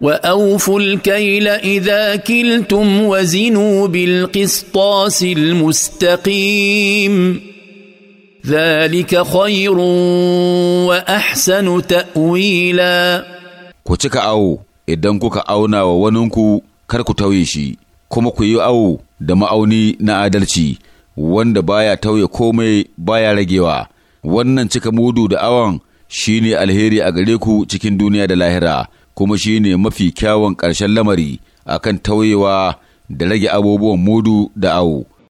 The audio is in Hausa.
واوفوا الكيل اذا كلتم وزنوا بالقسطاس المستقيم ذلك خير واحسن تاويلا ku cika awo idan kuka auna wa waninku kar ku tauye shi kuma ku yi awo da ma'auni na adalci wanda baya tauye komai baya ragewa wannan cika mudu da awon shine alheri a gare ku cikin duniya da lahira kuma shi ne mafi kyawun ƙarshen lamari akan tauyewa da rage abubuwan mudu da awo.